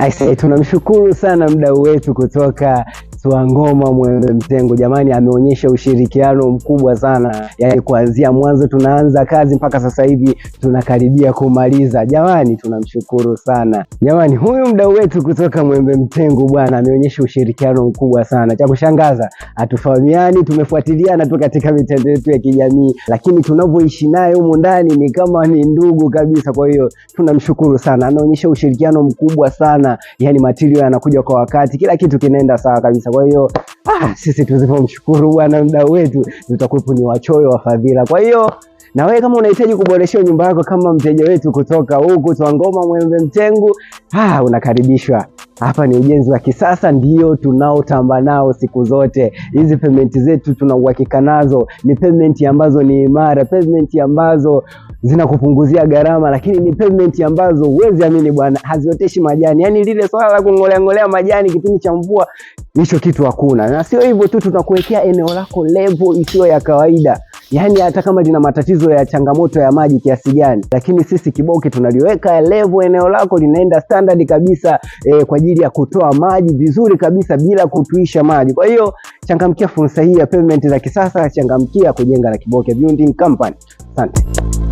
Aise, tunamshukuru sana mdau wetu kutoka First wa ngoma Mwembe Mtengo, jamani, ameonyesha ushirikiano mkubwa sana, yaani kuanzia mwanzo tunaanza kazi mpaka sasa hivi tunakaribia kumaliza. Jamani, tunamshukuru sana jamani. Huyu mdau wetu kutoka Mwembe Mtengo bwana ameonyesha ushirikiano mkubwa sana. Cha kushangaza, hatufahamiani, tumefuatiliana tu katika mitandao yetu ya kijamii, lakini tunavyoishi naye humu ndani ni kama ni ndugu kabisa. Kwa hiyo tunamshukuru sana, anaonyesha ushirikiano mkubwa sana, yaani material yanakuja kwa wakati, kila kitu kinaenda sawa kabisa kabisa. Kwa hiyo ah, sisi tusipomshukuru bwana mdau wetu tutakuwepo ni wachoyo wa fadhila. Kwa hiyo na wewe kama unahitaji kuboresha nyumba yako kama mteja wetu kutoka huku Twangoma Mwembe Mtengu, ah, unakaribishwa. Hapa ni ujenzi wa kisasa ndio tunaotamba nao siku zote. Hizi pavement zetu tuna uhakika nazo, ni pavement ambazo ni imara, pavement ambazo zinakupunguzia gharama, lakini ni pavement ambazo huwezi amini bwana, hazioteshi majani. Yani lile swala la kungolea ngolea majani kipindi cha mvua, hicho kitu hakuna. Na sio hivyo tu, tunakuwekea eneo lako level isiyo ya kawaida yani hata kama lina matatizo ya changamoto ya maji kiasi gani, lakini sisi Kiboke tunaliweka levo eneo lako linaenda standard kabisa e, kwa ajili ya kutoa maji vizuri kabisa bila kutuisha maji. Kwa hiyo changamkia fursa hii ya pavement za kisasa, changamkia kujenga na Kiboke Building Company. Asante.